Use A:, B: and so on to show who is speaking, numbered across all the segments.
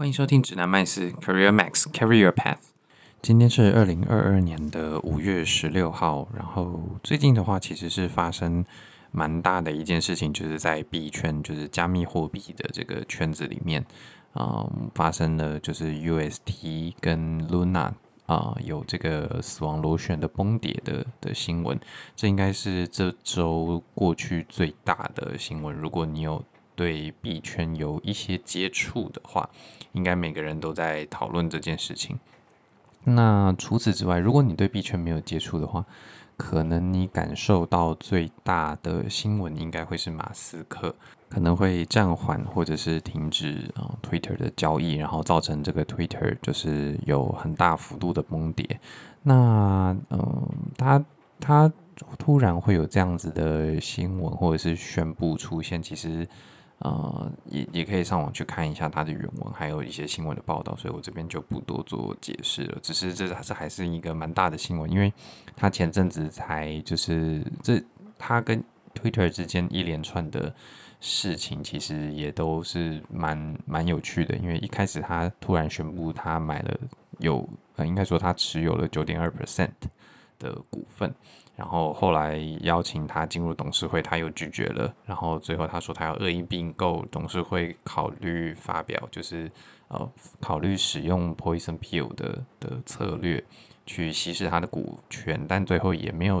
A: 歡迎收聽指南麥斯 Career Max Career Path。今天是二零二二年的五月十六號，然後最近的話，其實是發生蠻大的一件事情，就是在幣圈，就是加密貨幣的這個圈子裡面，嗯、呃，發生了就是 UST 跟 Luna 啊、呃、有這個死亡螺旋的崩跌的的新聞，這應該是這週過去最大的新聞。如果你有。對幣圈有一些接觸的話，應該每個人都在討論這件事情。那除此之外，如果你對幣圈沒有接觸的話，可能你感受到最大的新聞應該會是馬斯克可能會暫緩或者是停止啊、嗯、Twitter 的交易，然後造成這個 Twitter 就是有很大幅度的崩跌。那嗯，他他突然會有這樣子的新聞或者是宣布出現，其實。呃，也也可以上網去看一下他的原文，還有一些新聞的報道，所以我這邊就不多做解釋了。只是這還是一個蠻大的新聞，因為他前陣子才就是這他跟 Twitter 之間一連串的事情，其實也都是蠻蠻有趣的。因為一開始他突然宣布他買了有，嗯，應該說他持有了九點二 percent 的股份。然後後來邀請他進入董事會，他又拒絕了。然後最後他說他要惡意併購，董事會考慮發表，就是呃考慮使用 poison pill 的的策略去稀釋他的股權，但最後也沒有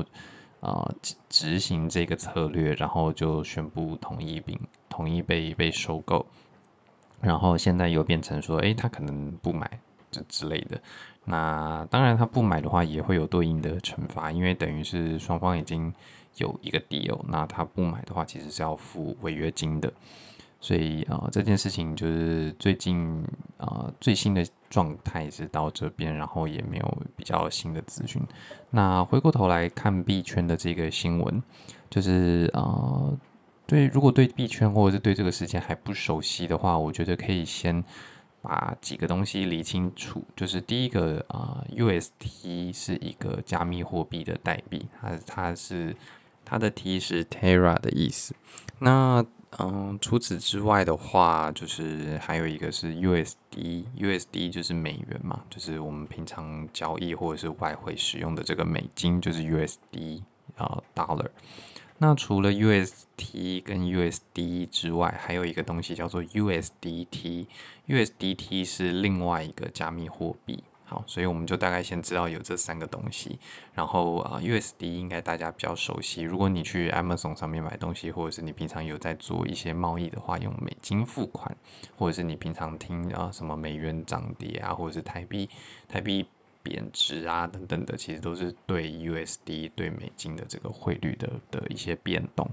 A: 啊、呃、執行這個策略，然後就宣布同意並同意被被收購。然後現在又變成說，哎，他可能不買這之類的。那當然，他不買的話也會有對應的懲罰，因為等於是雙方已經有一個 deal，那他不買的話，其實是要付違約金的。所以啊、呃，這件事情就是最近啊、呃、最新的狀態是到這邊，然後也沒有比較新的資訊。那回過頭來看幣圈的這個新聞，就是啊、呃，對，如果對幣圈或者是對這個事件還不熟悉的話，我覺得可以先。把幾個東西理清楚，就是第一個啊、呃、，UST 是一個加密貨幣的代幣，它它是它的 T 是 Terra 的意思。那嗯、呃，除此之外的話，就是還有一個是 USD，USD 就是美元嘛，就是我們平常交易或者是外匯使用的這個美金，就是 USD 啊、呃、，Dollar。那除了 USD 跟 USD 之外，還有一個東西叫做 USDT，USDT 是另外一個加密貨幣。好，所以我們就大概先知道有這三個東西。然後、呃、USD 應該大家比較熟悉，如果你去 Amazon 上面買東西，或者是你平常有在做一些貿易的話，用美金付款，或者是你平常聽啊、呃、什麼美元漲跌啊，或者是台幣，台幣。貶值啊等等的，其實都是對 USD，對美金的這個匯率的的一些變動。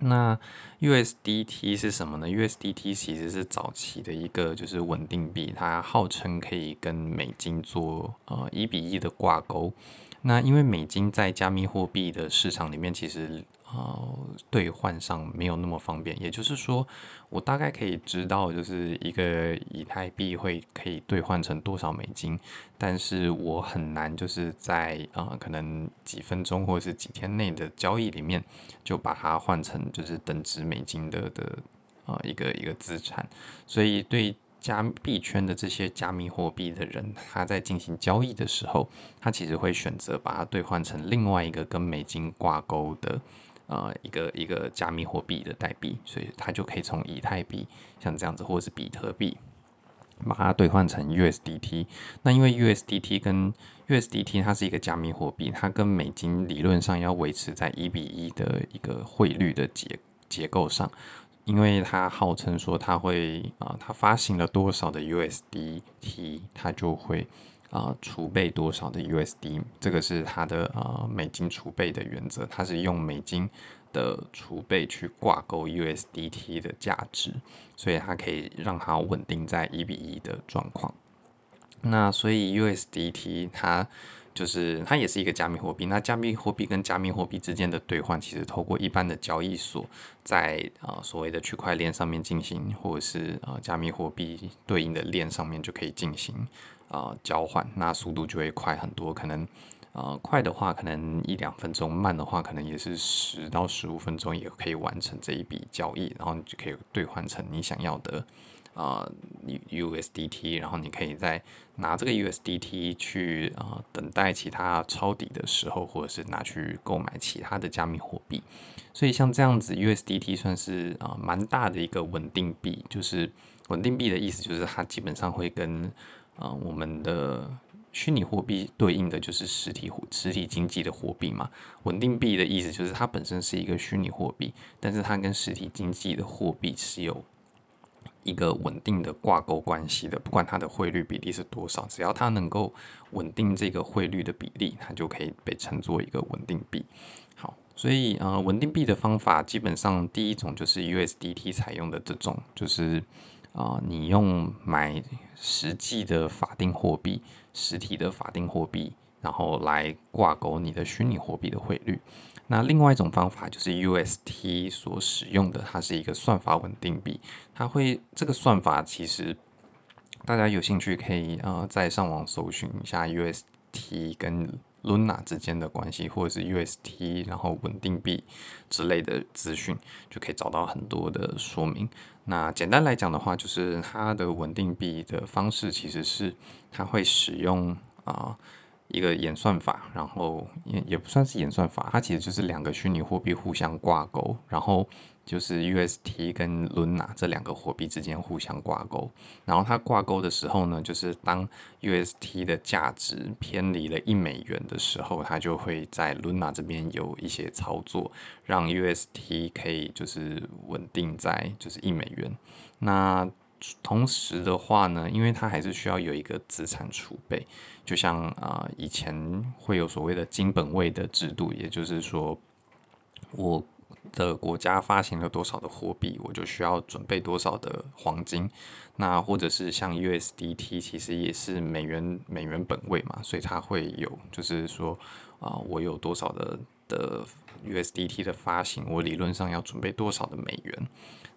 A: 那 USDT 是什麼呢？USDT 其實是早期的一個就是穩定幣，它號稱可以跟美金做呃一比一的掛鈎。那因為美金在加密貨幣的市場裡面，其實，呃，兌換上沒有那麼方便，也就是說，我大概可以知道，就是一個以太幣會可以兌換成多少美金，但是我很難就是在啊、呃，可能幾分鐘或者是幾天內的交易裡面，就把它換成就是等值美金的的啊、呃、一個一個資產。所以對加密圈的這些加密貨幣的人，他在進行交易的時候，他其實會選擇把它兌換成另外一個跟美金掛鈎的。呃，一個一個加密貨幣的代幣，所以它就可以從以太幣像這樣子，或者是比特幣，把它兌換成 USDT。那因為 USDT 跟 USDT 它是一個加密貨幣，它跟美金理論上要維持在一比一的一個匯率的結結構上，因為它號稱說它會啊、呃，它發行了多少的 USDT，它就會。啊，儲備多少的 USD 這個是它的呃美金儲備的原則，它是用美金的儲備去掛鈎 USDT 的價值，所以它可以讓它穩定在一比一的狀況。那所以 USDT 它就是它也是一個加密貨幣，那加密貨幣跟加密貨幣之間的兌換，其實透過一般的交易所在，在、呃、啊所謂的區塊鏈上面進行，或者是呃加密貨幣對應的鏈上面就可以進行。呃，交換那速度就會快很多，可能呃快的話可能一兩分鐘，慢的話可能也是十到十五分鐘也可以完成這一筆交易，然後你就可以兌換成你想要的呃 USDT，然後你可以再拿這個 USDT 去呃等待其他抄底的時候，或者是拿去購買其他的加密貨幣。所以像這樣子 USDT 算是啊蠻大的一個穩定幣，就是穩定幣的意思就是它基本上會跟啊、呃，我們的虛擬貨幣對應的就是實體實體經濟的貨幣嘛。穩定幣的意思就是它本身是一個虛擬貨幣，但是它跟實體經濟的貨幣是有一個穩定的掛鈎關係的。不管它的匯率比例是多少，只要它能夠穩定這個匯率的比例，它就可以被稱作一個穩定幣。好，所以啊、呃，穩定幣的方法基本上第一種就是 USDT 採用的這種，就是。啊、呃，你用買實際的法定貨幣、實體的法定貨幣，然後來掛鈎你的虛擬貨幣的匯率。那另外一種方法就是 UST 所使用的，它是一個算法穩定幣，它會這個算法其實大家有興趣可以呃在上網搜尋一下 UST 跟。Luna 之間的關係，或者是 UST，然後穩定幣之類的資訊，就可以找到很多的說明。那簡單來講的話，就是它的穩定幣的方式其實是它會使用啊、呃、一個演算法，然後也也不算是演算法，它其實就是兩個虛擬貨幣互相掛鈎，然後。就是 UST 跟 Luna 這兩個貨幣之間互相掛鈎，然後它掛鈎的時候呢，就是當 UST 的價值偏離了一美元的時候，它就會在 Luna 這邊有一些操作，讓 UST 可以就是穩定在就是一美元。那同時的話呢，因為它還是需要有一個資產儲備，就像啊、呃、以前會有所謂的金本位的制度，也就是說我。的國家發行了多少的貨幣，我就需要準備多少的黃金。那或者是像 USDT，其實也是美元美元本位嘛，所以它會有就是說啊、呃，我有多少的的 USDT 的發行，我理論上要準備多少的美元。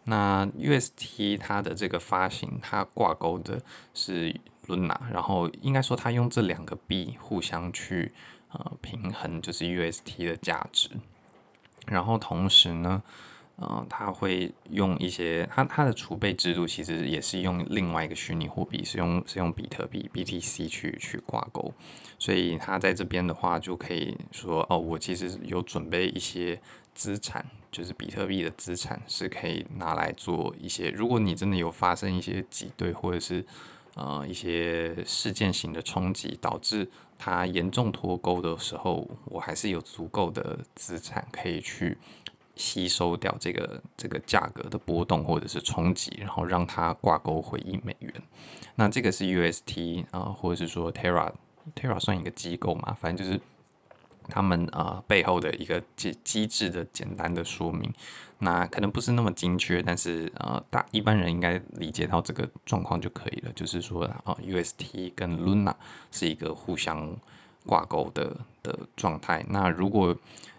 A: 那 USDT 它的這個發行，它掛鈎的是 Luna，然後應該說它用這兩個幣互相去呃平衡，就是 USDT 的價值。然後同時呢，嗯、呃，他會用一些他他的儲備制度，其實也是用另外一個虛擬貨幣，是用是用比特幣 （BTC） 去去掛鈎，所以他在這邊的話，就可以說哦，我其實有準備一些資產，就是比特幣的資產是可以拿來做一些，如果你真的有發生一些擠兌或者是呃一些事件型的衝擊導致。它嚴重脫鈎的時候，我還是有足夠的資產可以去吸收掉這個這個價格的波動或者是衝擊，然後讓它掛鈎回一美元。那這個是 UST 啊、呃，或者是說 Terra，Terra 算一個機構嘛，反正就是他們啊、呃、背後的一個機機制的簡單的說明。那可能不是那麼精確，但是呃，大一般人應該理解到這個狀況就可以了。就是說啊，呃，UST 跟 Luna 是一個互相掛鈎的的狀態。那如果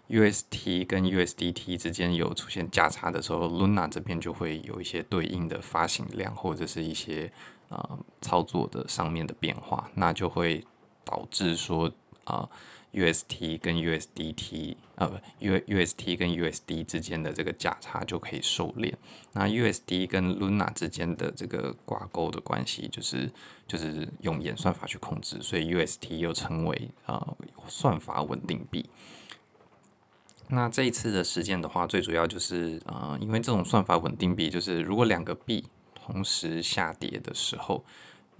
A: UST 跟 USDT 之間有出現價差的時候，Luna 這邊就會有一些對應的發行量或者是一些啊，呃，操作的上面的變化，那就會導致說啊，呃 UST 跟 USDT，呃，U UST 跟 USD 之間的這個價差就可以收斂。那 USD 跟 Luna 之間的這個掛鈎的關係，就是就是用演算法去控制，所以 UST 又稱為啊、呃、算法穩定幣。那這一次的事件的話，最主要就是呃，因為這種算法穩定幣，就是如果兩個幣同時下跌的時候。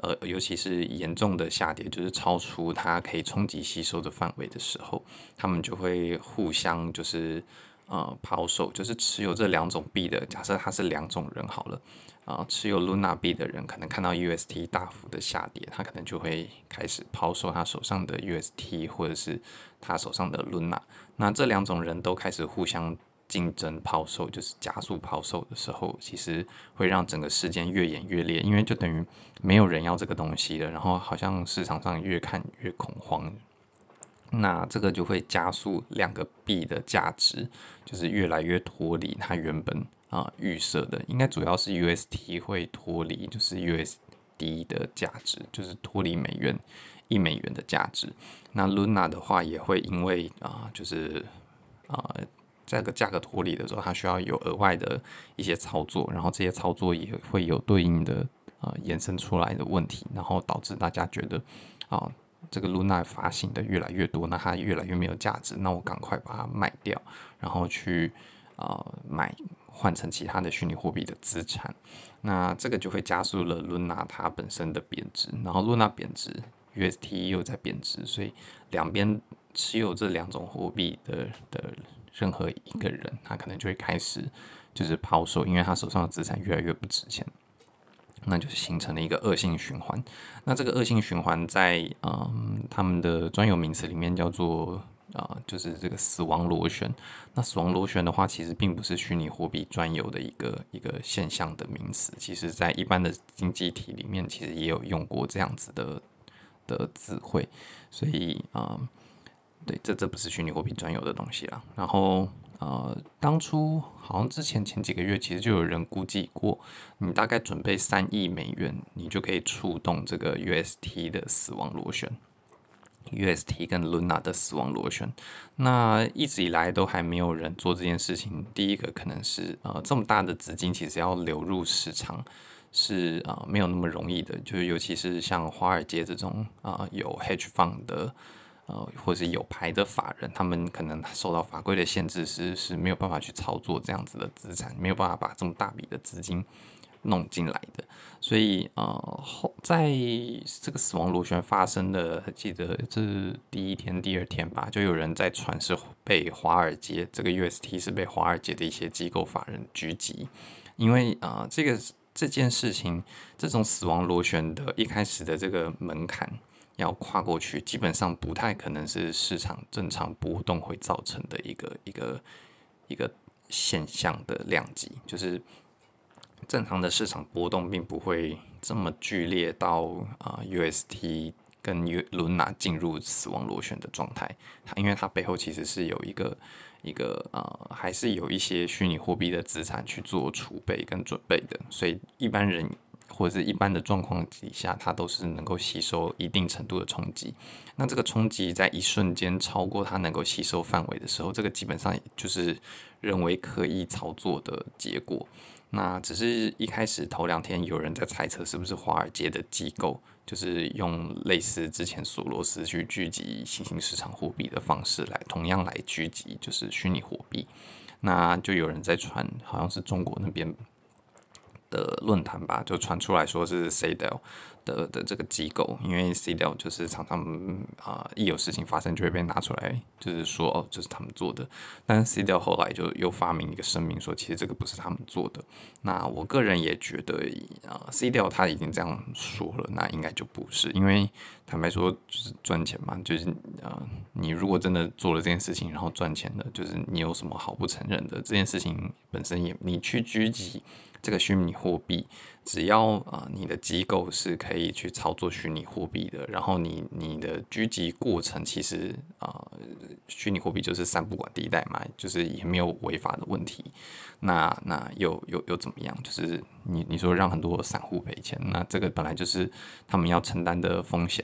A: 呃，尤其是嚴重的下跌，就是超出它可以衝擊吸收的範圍的時候，他們就會互相就是呃拋售，就是持有這兩種幣的。假設他是兩種人好了，啊，持有 Luna 幣的人可能看到 UST 大幅的下跌，他可能就會開始拋售他手上的 UST 或者是他手上的 Luna。那這兩種人都開始互相。競爭拋售就是加速拋售的時候，其實會讓整個事件越演越烈，因為就等於沒有人要這個東西了，然後好像市場上越看越恐慌，那這個就會加速兩個幣的價值就是越來越脫離它原本啊預設的，應該主要是 UST 會脫離，就是 USD 的價值就是脫離美元一美元的價值，那 Luna 的話也會因為啊、呃、就是啊。呃在個價格脫離的時候，它需要有額外的一些操作，然後這些操作也會有對應的啊、呃、延伸出來的問題，然後導致大家覺得啊、呃、這個 Luna 發行的越來越多，那它越來越沒有價值，那我趕快把它賣掉，然後去啊、呃、買換成其他的虛擬貨幣的資產，那這個就會加速了 Luna 它本身的貶值，然後 Luna 貶值，UST 又在貶值，所以兩邊持有這兩種貨幣的的。任何一個人，他可能就會開始就是拋售，因為他手上的資產越來越不值錢，那就是形成了一個惡性循環。那這個惡性循環在嗯他們的專有名詞裡面叫做啊，嗯，就是這個死亡螺旋。那死亡螺旋的話，其實並不是虛擬貨幣專有的一個一個現象的名詞，其實，在一般的經濟體裡面，其實也有用過這樣子的的詞彙，所以啊。嗯對，這這不是虛擬貨幣專有的東西啊。然後，呃，當初好像之前前幾個月，其實就有人估計過，你大概準備三億美元，你就可以觸動這個 UST 的死亡螺旋，UST 跟 Luna 的死亡螺旋。那一直以來都還沒有人做這件事情。第一個可能是，呃，這麼大的資金其實要流入市場是啊、呃、沒有那麼容易的，就是尤其是像華爾街這種啊、呃、有 hedge fund 的。呃，或者是有牌的法人，他們可能受到法規的限制是，是是沒有辦法去操作這樣子的資產，沒有辦法把這麼大筆的資金弄進來的。所以，呃，後在這個死亡螺旋發生的，記得這是第一天、第二天吧，就有人在傳是被華爾街這個 UST 是被華爾街的一些機構法人狙擊，因為啊、呃，這個這件事情，這種死亡螺旋的一開始的這個門檻，要跨過去，基本上不太可能是市場正常波動會造成的一個一個一個現象的量級，就是正常的市場波動並不會這麼劇烈到啊、呃、，UST 跟 U 倫納進入死亡螺旋的狀態，因為它背後其實是有一個一個啊、呃、還是有一些虛擬貨幣的資產去做儲備跟準備的，所以一般人。或者是一般的狀況底下，它都是能夠吸收一定程度的衝擊。那這個衝擊在一瞬間超過它能夠吸收範圍的時候，這個基本上就是人為刻意操作的結果。那只是一開始頭兩天有人在猜測是不是華爾街的機構，就是用類似之前索羅斯去狙擊新興市場貨幣的方式來同樣來狙擊就是虛擬貨幣。那就有人在傳，好像是中國那邊。的論壇吧，就傳出來說是 C 掉的的這個機構，因為 C DELL 就是常常啊、呃，一有事情發生就會被拿出來，就是說哦，這、就是他們做的。但 C DELL 後來就又發明一個聲明說，其實這個不是他們做的。那我個人也覺得，啊、呃、C DELL 他已經這樣說了，那應該就不是。因為坦白說，就是賺錢嘛，就是呃，你如果真的做了這件事情，然後賺錢的，就是你有什麼好不承認的？這件事情本身也，你去狙擊。這個虛擬貨幣，只要啊、呃，你的機構是可以去操作虛擬貨幣的，然後你你的狙擊過程其實啊、呃，虛擬貨幣就是三不管地帶嘛，就是也沒有違法的問題，那那又又又怎麼樣？就是你你說讓很多散戶賠錢，那這個本來就是他們要承擔的風險，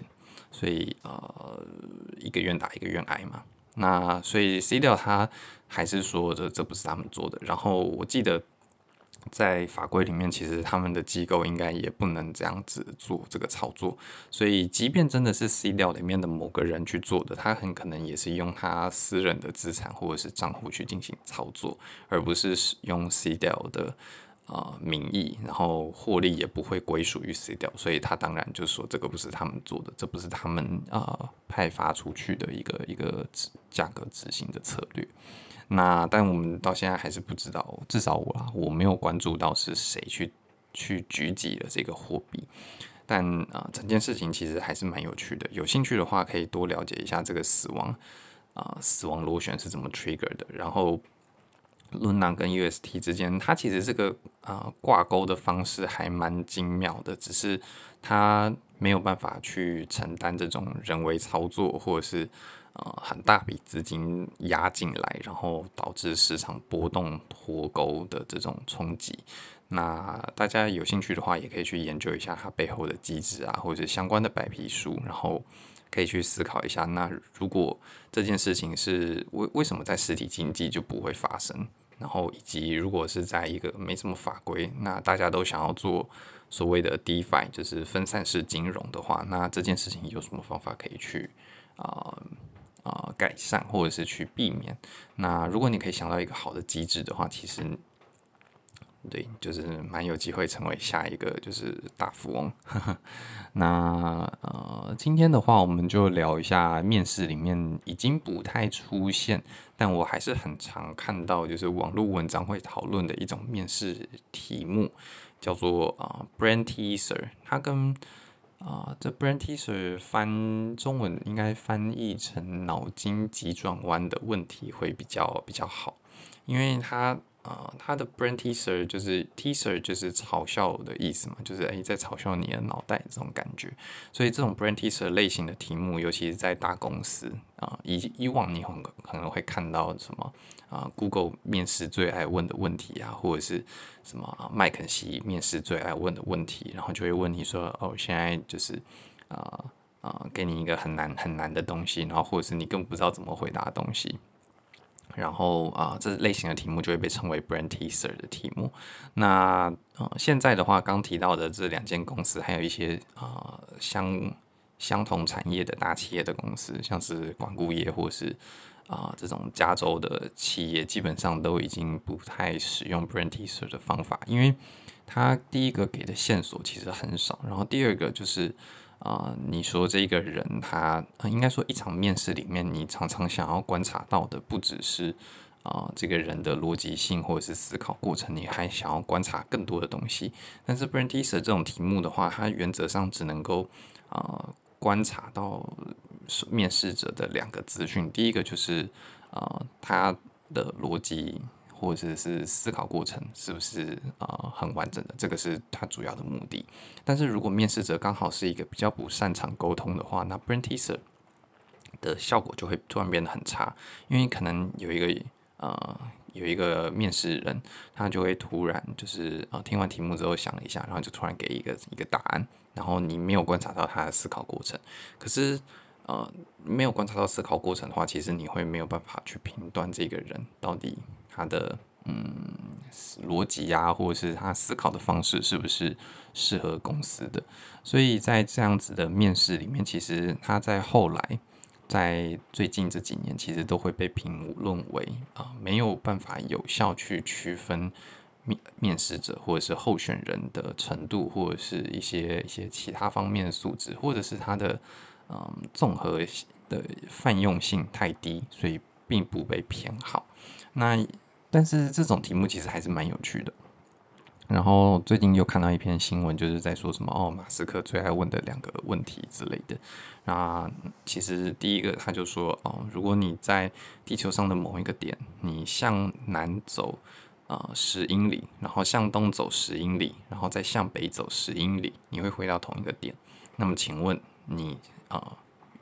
A: 所以呃，一個願打一個願挨嘛。那所以 C L 他還是說，這這不是他們做的，然後我記得。在法規裡面，其實他們的機構應該也不能這樣子做這個操作。所以，即便真的是 Citadel 裡面的某個人去做的，他很可能也是用他私人的資產或者是賬戶去進行操作，而不是使用 Citadel 的啊、呃、名義，然後獲利也不會歸屬於 Citadel，所以他當然就說這個不是他們做的，這不是他們啊、呃、派發出去的一個一個價格執行的策略。那但我們到現在還是不知道，至少我我沒有關注到是誰去去狙擊了這個貨幣。但啊、呃，整件事情其實還是蠻有趣的，有興趣的話可以多了解一下這個死亡啊、呃，死亡螺旋是怎麼 trigger 的。然後，倫納跟 UST 之間，它其實這個啊掛鈎的方式還蠻精妙的，只是它沒有辦法去承擔這種人為操作或者是。呃，很大筆資金壓進來，然後導致市場波動脫鈎的這種衝擊。那大家有興趣的話，也可以去研究一下它背後的機制啊，或者相關的白皮書，然後可以去思考一下。那如果這件事情是為為什麼在實體經濟就不會發生？然後以及如果是在一個沒什麼法規，那大家都想要做所謂的 DeFi，就是分散式金融的話，那這件事情有什麼方法可以去啊？呃啊、呃，改善，或者是去避免。那如果你可以想到一個好的機制的話，其實對，就是蠻有機會成為下一個就是大富翁。 那呃，今天的話，我們就聊一下面試裡面已經不太出現，但我還是很常看到，就是網絡文章會討論的一種面試題目，叫做啊，Brain Teaser。呃、Teaser，它跟啊，這、uh, brain teaser 翻中文應該翻譯成“腦筋急轉彎”的問題會比較比較好，因為它。啊、呃，他的 Brain Teaser 就是 teaser 就是嘲笑的意思嘛，就是哎在嘲笑你的腦袋這種感覺。所以這種 Brain Teaser 類型的題目，尤其是在大公司啊、呃，以以往你很可能會看到什麼啊、呃、Google 面試最愛問的問題啊，或者是什麼麥肯錫面試最愛問的問題，然後就會問你說，哦，現在就是啊啊、呃呃，給你一個很難很難的東西，然後或者是你更不知道怎麼回答的東西。然後啊、呃，這類型的題目就會被稱為 brain teaser 的題目。那、呃、現在的話，剛提到的這兩間公司，還有一些啊、呃、相相同產業的大企業的公司，像是管顧業或是啊、呃、這種加州的企業，基本上都已經不太使用 brain teaser 的方法，因為它第一個給的線索其實很少，然後第二個就是。啊、呃，你說這個人他，他應該說一場面試裡面，你常常想要觀察到的不只是啊、呃、這個人的邏輯性或者是思考過程，你還想要觀察更多的東西。但是，Brain Teaser 這種題目的話，它原則上只能夠啊、呃、觀察到面試者的兩個資訊，第一個就是啊、呃、他的邏輯。或者是思考過程是不是啊、呃、很完整的？這個是他主要的目的。但是如果面試者剛好是一個比較不擅長溝通的話，那 Brain Teaser 的效果就會突然變得很差，因為可能有一個呃有一個面試人，他就會突然就是啊、呃、聽完題目之後想了一下，然後就突然給一個一個答案，然後你沒有觀察到他的思考過程。可是呃沒有觀察到思考過程的話，其實你會沒有辦法去評斷這個人到底。他的嗯，邏輯呀，或者是他思考的方式是不是適合公司的？所以在這樣子的面試裡面，其實他在後來在最近這幾年，其實都會被評論為啊，呃，沒有辦法有效去區分面面試者或者是候選人的程度，或者是一些一些其他方面的素質，或者是他的嗯呃，綜合的泛用性太低，所以並不被偏好。那但是這種題目其實還是蠻有趣的。然後最近又看到一篇新聞，就是在說什麼哦，馬斯克最愛問的兩個問題之類的。那其實第一個他就說哦，如果你在地球上的某一個點，你向南走啊呃十英里，然後向東走十英里，然後再向北走十英里，你會回到同一個點。那麼請問你啊，呃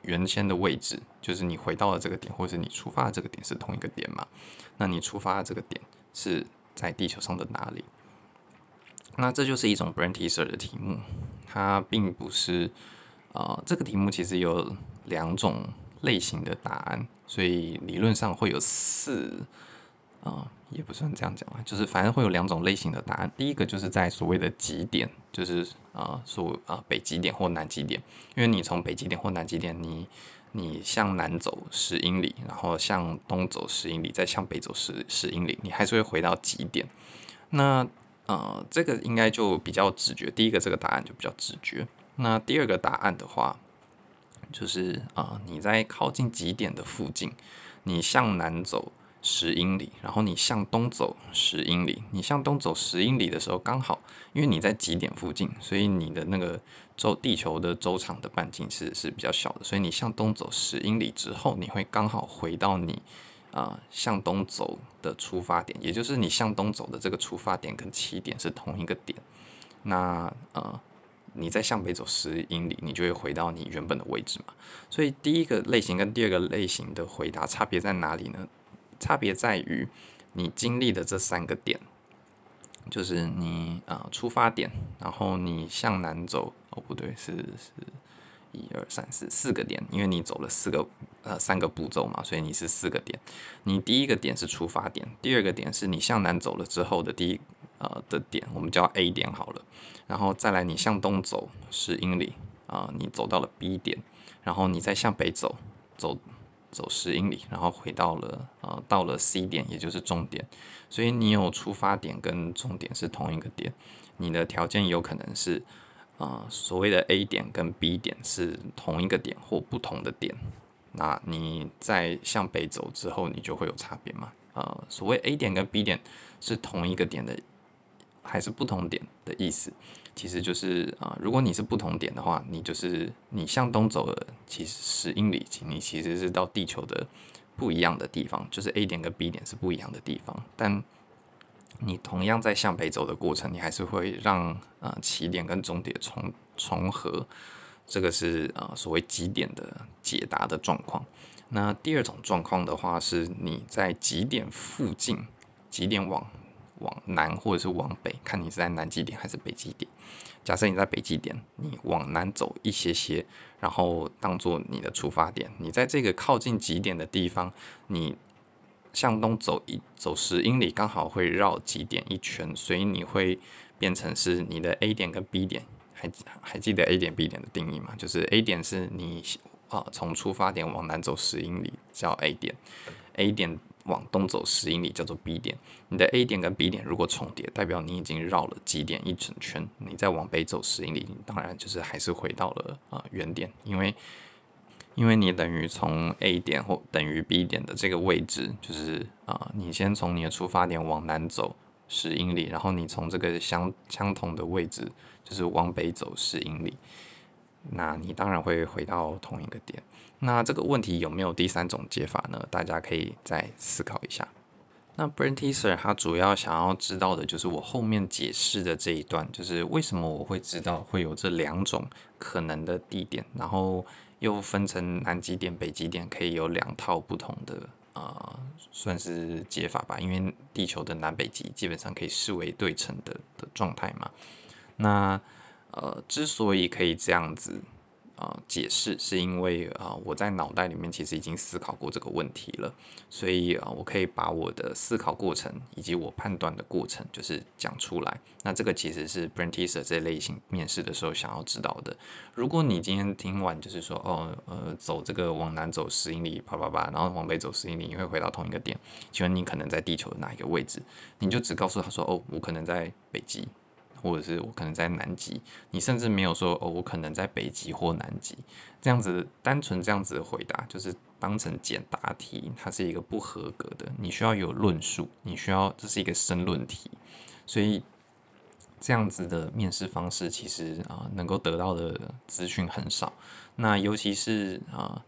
A: 原先的位置就是你回到了這個點，或者你出發的這個點是同一個點嘛？那你出發的這個點是在地球上的哪裡？那這就是一種 Brain Teaser 的題目，它並不是呃，這個題目其實有兩種類型的答案，所以理論上會有四啊。呃也不算這樣講吧，就是反正會有兩種類型的答案。第一個就是在所謂的極點，就是啊、呃，所啊、呃、北極點或南極點，因為你從北極點或南極點，你你向南走十英里，然後向東走十英里，再向北走十十英里，你還是會回到極點。那呃，這個應該就比較直覺，第一個這個答案就比較直覺。那第二個答案的話，就是啊、呃，你在靠近極點的附近，你向南走。十英里，然後你向東走十英里。你向東走十英里的時候，剛好因為你在極點附近，所以你的那個周地球的周長的半徑其實是比較小的，所以你向東走十英里之後，你會剛好回到你啊、呃、向東走的出發點，也就是你向東走的這個出發點跟起點是同一個點。那呃，你再向北走十英里，你就會回到你原本的位置嘛。所以第一個類型跟第二個類型的回答差別在哪裡呢？差別在於，你經歷的這三個點，就是你呃出發點，然後你向南走，哦不對，是是一二三四四,四個點，因為你走了四個呃三個步驟嘛，所以你是四個點。你第一個點是出發點，第二個點是你向南走了之後的第一呃的點，我們叫 A 點好了，然後再來你向東走十英里啊、呃，你走到了 B 點，然後你再向北走走。走十英里，然後回到了呃，到了 C 點，也就是終點。所以你有出發點跟終點是同一個點，你的條件有可能是呃，所謂的 A 點跟 B 點是同一個點或不同的點。那你在向北走之後，你就會有差別嘛？呃，所謂 A 點跟 B 點是同一個點的，還是不同點的意思？其實就是啊、呃，如果你是不同點的話，你就是你向東走了，其實十英里，你其實是到地球的不一樣的地方，就是 A 點跟 B 點是不一樣的地方。但你同樣在向北走的過程，你還是會讓啊、呃、起點跟終點重重合。這個是啊、呃、所謂極點的解答的狀況。那第二種狀況的話，是你在極點附近，極點往往南或者是往北，看你是在南極點還是北極點。假設你在北極點，你往南走一些些，然後當做你的出發點。你在這個靠近極點的地方，你向東走一走十英里，剛好會繞極點一圈，所以你會變成是你的 A 點跟 B 點。還還記得 A 點 B 點的定義嗎？就是 A 點是你啊從出發點往南走十英里叫 A 點，A 點。往東走十英里叫做 B 點，你的 A 點跟 B 點如果重疊，代表你已經繞了極點一整圈。你再往北走十英里，你當然就是還是回到了啊、呃、原點，因為因為你等於從 A 點或等於 B 點的這個位置，就是啊、呃、你先從你的出發點往南走十英里，然後你從這個相相同的位置就是往北走十英里，那你當然會回到同一個點。那這個問題有沒有第三種解法呢？大家可以再思考一下。那 Brain Teaser 他主要想要知道的就是我後面解釋的這一段，就是為什麼我會知道會有這兩種可能的地點，然後又分成南極點、北極點可以有兩套不同的呃，算是解法吧。因為地球的南北極基本上可以視為對稱的的狀態嘛。那呃，之所以可以這樣子。啊，解釋是因為啊，我在腦袋裡面其實已經思考過這個問題了，所以啊，我可以把我的思考過程以及我判斷的過程就是講出來。那這個其實是 brain teaser 這類型面試的時候想要知道的。如果你今天聽完就是說，哦，呃，走這個往南走十英里，啪啪啪，然後往北走十英里，你會回到同一個點。請問你可能在地球的哪一個位置？你就只告訴他說，哦，我可能在北極。或者是我可能在南極，你甚至沒有說哦，我可能在北極或南極這樣子，單純這樣子的回答就是當成簡答題，它是一個不合格的。你需要有論述，你需要這是一個申論題，所以這樣子的面試方式其實啊、呃，能夠得到的資訊很少。那尤其是啊、呃，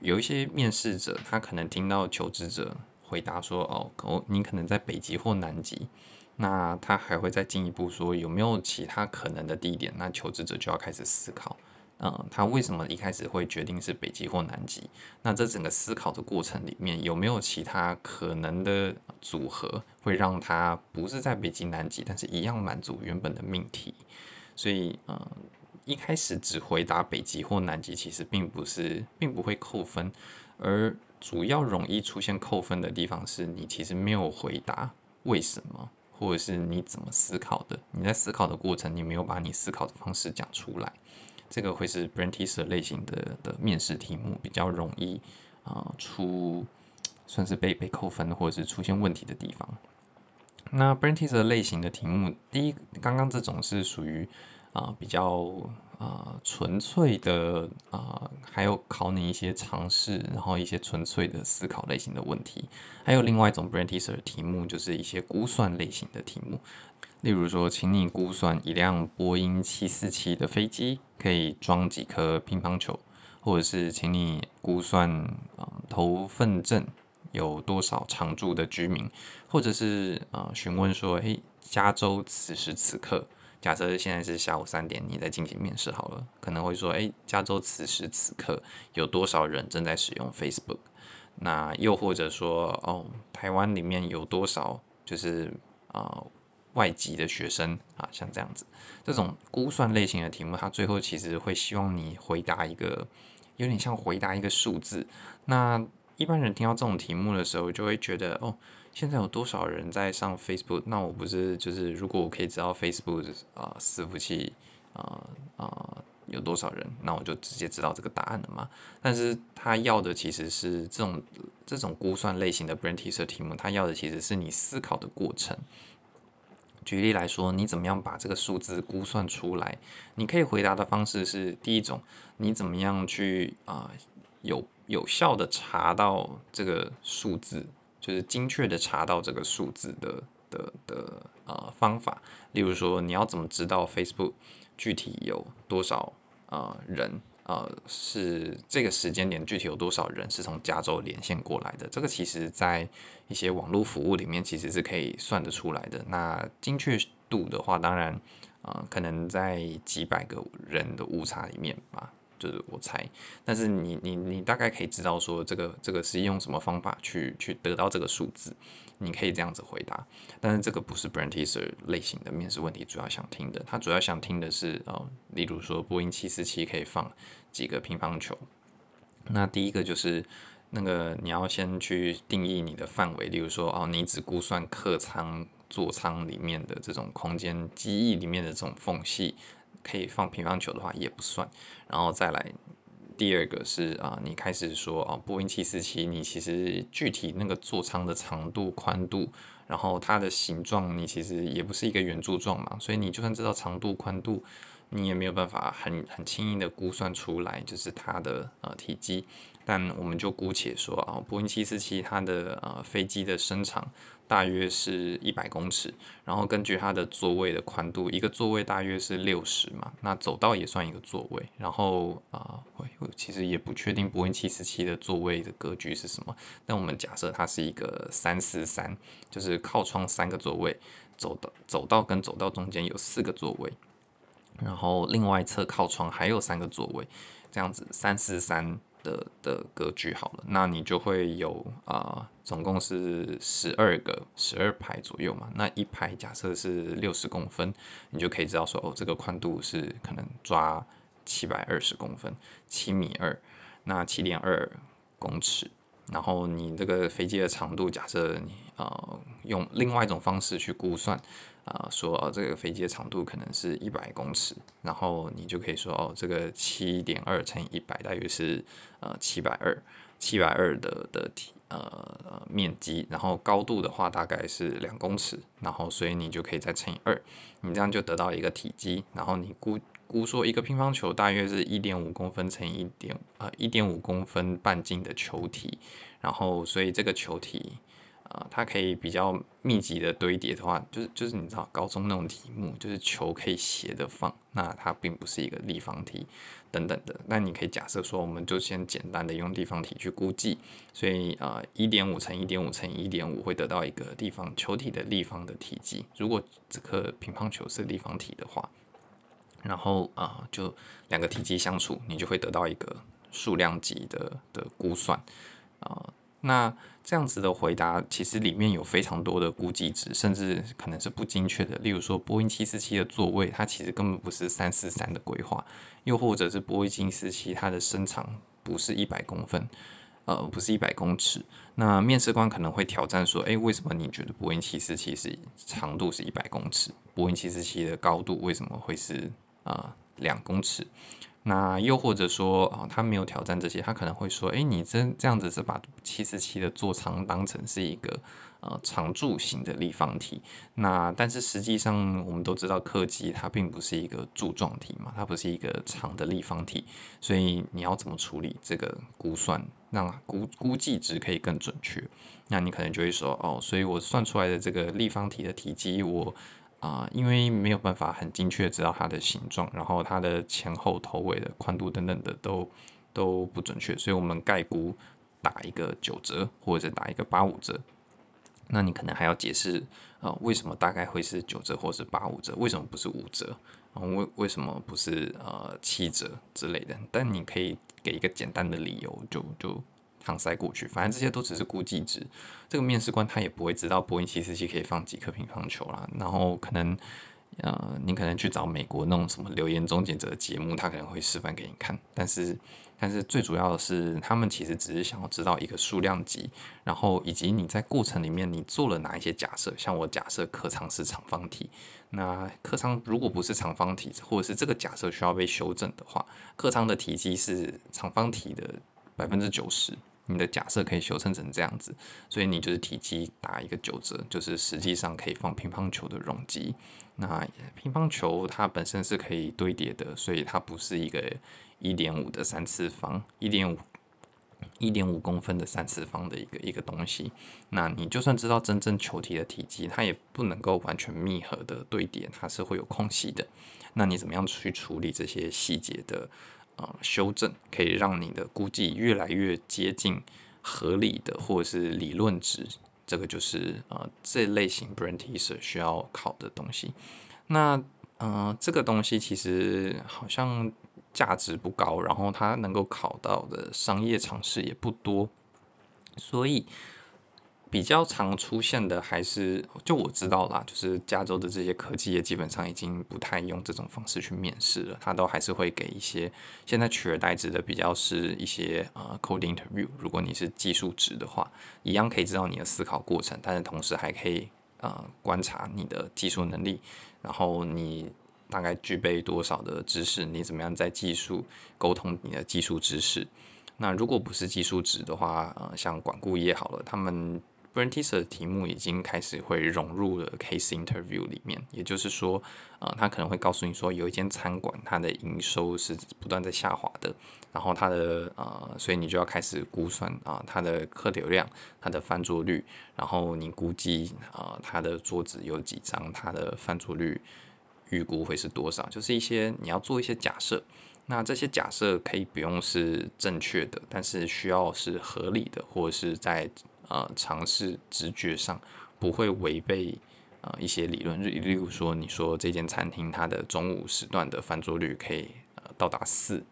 A: 有一些面試者他可能聽到求職者回答說哦，哦，你可能在北極或南極。那他還會再進一步說，有沒有其他可能的地點？那求職者就要開始思考，嗯，他為什麼一開始會決定是北極或南極？那這整個思考的過程裡面有沒有其他可能的組合，會讓他不是在北極南極，但是一樣滿足原本的命題？所以，嗯，一開始只回答北極或南極，其實並不是並不會扣分，而主要容易出現扣分的地方是你其實沒有回答為什麼。或者是你怎麼思考的？你在思考的過程，你沒有把你思考的方式講出來，這個會是 Brain Teaser 類型的的面試題目比較容易啊、呃、出，算是被被扣分或者是出現問題的地方。那 Brain Teaser 類型的題目，第一，剛剛這種是屬於啊比較。啊，純、呃、粹的啊、呃，還有考你一些常識，然後一些純粹的思考類型的問題，還有另外一種 brain teaser 的題目，就是一些估算類型的題目，例如說，請你估算一輛波音七四七的飛機可以裝幾顆乒乓球，或者是請你估算啊，頭、呃、份鎮有多少常住的居民，或者是啊，詢、呃、問說，哎，加州此時此刻。假設現在是下午三點，你在進行面試好了，可能會說，哎、欸，加州此時此刻有多少人正在使用 Facebook？那又或者說，哦，台灣裡面有多少就是啊、呃、外籍的學生啊，像這樣子，這種估算類型的題目，它最後其實會希望你回答一個有點像回答一個數字。那一般人聽到這種題目的時候，就會覺得哦。現在有多少人在上 Facebook？那我不是就是，如果我可以知道 Facebook 啊、呃、伺服器啊啊、呃呃、有多少人，那我就直接知道這個答案了嗎？但是他要的其實是這種這種估算類型的 Brain Teaser 題目，他要的其實是你思考的過程。舉例來說，你怎麼樣把這個數字估算出來？你可以回答的方式是第一種，你怎麼樣去啊、呃、有有效的查到這個數字？就是精確的查到這個數字的的的呃方法，例如說你要怎麼知道 Facebook 具體有多少呃人呃是這個時間點具體有多少人是從加州連線過來的？這個其實在一些網絡服務裡面其實是可以算得出來的。那精確度的話，當然啊、呃，可能在幾百個人的誤差裡面吧。我猜，但是你你你大概可以知道說這個這個是用什麼方法去去得到這個數字，你可以這樣子回答，但是這個不是 Brain Teaser 類型的面試問題主要想聽的，他主要想聽的是哦，例如說波音七四七可以放幾個乒乓球，那第一個就是那個你要先去定義你的範圍，例如說哦你只估算客艙座艙裡面的這種空間，機翼裡面的這種縫隙。可以放乒乓球的話也不算，然後再來第二個是啊、呃，你開始說啊、哦，波音七四七，你其實具體那個座艙的長度、寬度，然後它的形狀，你其實也不是一個圓柱狀嘛，所以你就算知道長度、寬度，你也沒有辦法很很輕易的估算出來就是它的呃體積，但我們就姑且說啊、哦，波音七四七它的呃飛機的身長。大約是一百公尺，然後根據它的座位的寬度，一個座位大約是六十嘛，那走道也算一個座位，然後啊、呃，我其實也不確定波音七四七的座位的格局是什麼，但我們假設它是一個三四三，就是靠窗三個座位，走道走道跟走道中間有四個座位，然後另外一側靠窗還有三個座位，這樣子三四三。的的格局好了，那你就會有啊、呃，總共是十二個，十二排左右嘛。那一排假設是六十公分，你就可以知道說，哦，這個寬度是可能抓七百二十公分，七米二，那七點二公尺。然後你這個飛機的長度，假設你呃用另外一種方式去估算，啊、呃、說、呃、這個飛機的長度可能是一百公尺，然後你就可以說，哦，這個七點二乘以一百大約是呃七百二，七百二的的、的體呃、呃面積，然後高度的話大概是兩公尺，然後所以你就可以再乘以二，你這樣就得到一個體積，然後你估。比如說一個乒乓球大約是一點五公分乘一點呃一點五公分半徑的球體，然後所以這個球體啊、呃、它可以比較密集的堆疊的話，就是就是你知道高中那種題目，就是球可以斜的放，那它並不是一個立方體等等的。那你可以假設說，我們就先簡單的用立方體去估計，所以呃一點五乘一點五乘一點五會得到一個立方球體的立方的體積。如果這顆乒乓球是立方體的話。然後啊、呃，就兩個體積相除，你就會得到一個數量級的的估算啊、呃。那這樣子的回答其實裡面有非常多的估計值，甚至可能是不精確的。例如說，波音七四七的座位，它其實根本不是三四三的規劃，又或者是波音七四七它的身長不是一百公分，呃，不是一百公尺。那面試官可能會挑戰說，哎，為什麼你覺得波音七四七是長度是一百公尺？波音七四七的高度為什麼會是？啊、呃，兩公尺。那又或者說，哦，他沒有挑戰這些，他可能會說，哎，你這這樣子是把七四七的座艙當成是一個呃長柱形的立方體。那但是實際上我們都知道客機它並不是一個柱狀體嘛，它不是一個長的立方體，所以你要怎麼處理這個估算，讓估估計值可以更準確？那你可能就會說，哦，所以我算出來的這個立方體的體積我。啊，因為沒有辦法很精確知道它的形狀，然後它的前後頭尾的寬度等等的都都不準確，所以我們概估打一個九折，或者打一個八五折。那你可能還要解釋，呃，為什麼大概會是九折，或者是八五折？為什麼不是五折？啊，為為什麼不是呃七折之類的？但你可以給一個簡單的理由，就就。搪塞過去，反正這些都只是估計值。這個面試官他也不會知道波音七四七可以放幾顆乒乓球啦。然後可能，呃，你可能去找美國弄什麼流言終結者的節目，他可能會示範給你看。但是，但是最主要的是，他們其實只是想要知道一個數量級，然後以及你在過程裡面你做了哪一些假設。像我假設客艙是長方體，那客艙如果不是長方體，或者是這個假設需要被修正的話，客艙的體積是長方體的百分之九十。你的假設可以修正成這樣子，所以你就是體積打一個九折，就是實際上可以放乒乓球的容積。那乒乓球它本身是可以堆疊的，所以它不是一個一點五的三次方，一點五一點五公分的三次方的一個一個東西。那你就算知道真正球體的體積，它也不能夠完全密合的堆疊，它是會有空隙的。那你怎麼樣去處理這些細節的？啊、呃，修正可以讓你的估計越來越接近合理的或者是理論值，這個就是啊、呃，這類型 Brain Teaser 需要考的東西。那嗯、呃，這個東西其實好像價值不高，然後它能夠考到的商業常識也不多，所以。比較常出現的還是就我知道啦，就是加州的這些科技業基本上已經不太用這種方式去面試了，他都還是會給一些現在取而代之的比較是一些呃 coding interview。如果你是技術職的話，一樣可以知道你的思考過程，但是同時還可以呃觀察你的技術能力，然後你大概具備多少的知識，你怎麼樣在技術溝通你的技術知識。那如果不是技術職的話，呃像管顧業好了，他們。Brain Teaser 的題目已經開始會融入了 case interview 裡面，也就是說，啊、呃，他可能會告訴你說，有一間餐館，它的營收是不斷在下滑的，然後它的呃，所以你就要開始估算啊、呃，它的客流量、它的翻桌率，然後你估計啊、呃，它的桌子有幾張，它的翻桌率預估會是多少，就是一些你要做一些假設。那這些假設可以不用是正確的，但是需要是合理的，或者是在。呃，常識直覺上不會違背呃一些理論，就例如說，你說這間餐廳它的中午時段的翻桌率可以呃到達四，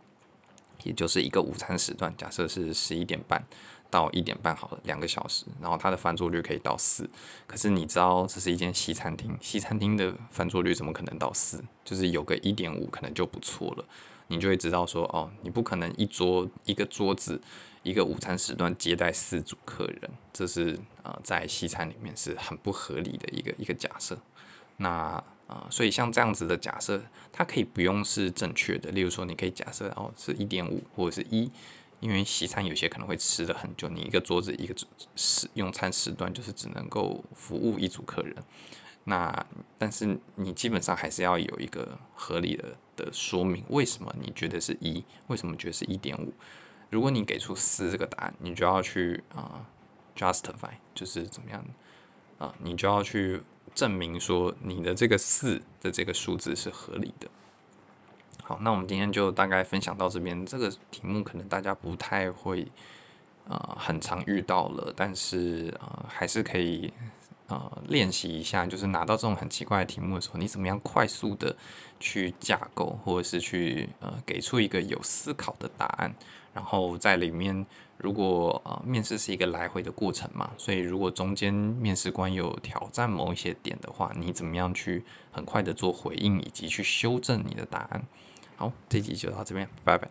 A: 也就是一個午餐時段，假設是十一點半到一點半好了，兩個小時，然後它的翻桌率可以到四，可是你知道這是一間西餐廳，西餐廳的翻桌率怎麼可能到四？就是有個一點五可能就不錯了，你就會知道說，哦，你不可能一桌一個桌子。一個午餐時段接待四組客人，這是呃在西餐裡面是很不合理的一個一個假設。那啊、呃，所以像這樣子的假設，它可以不用是正確的。例如說，你可以假設哦，是一點五或者是一，因為西餐有些可能會吃的很久，你一個桌子一個食用餐時段就是只能夠服務一組客人。那但是你基本上還是要有一個合理的的說明，為什麼你覺得是一？為什麼覺得是一點五？如果你給出四這個答案，你就要去啊、呃、justify，就是怎麼樣啊、呃，你就要去證明說你的這個四的這個數字是合理的。好，那我們今天就大概分享到這邊。這個題目可能大家不太會啊、呃，很常遇到了，但是啊、呃，還是可以啊、呃、練習一下，就是拿到這種很奇怪的題目的時候，你怎麼樣快速的去架構，或者是去呃給出一個有思考的答案。然後在裡面，如果呃面試是一個來回的過程嘛，所以如果中間面試官有挑戰某一些點的話，你怎麼樣去很快的做回應，以及去修正你的答案。好，這集就到這邊，拜拜。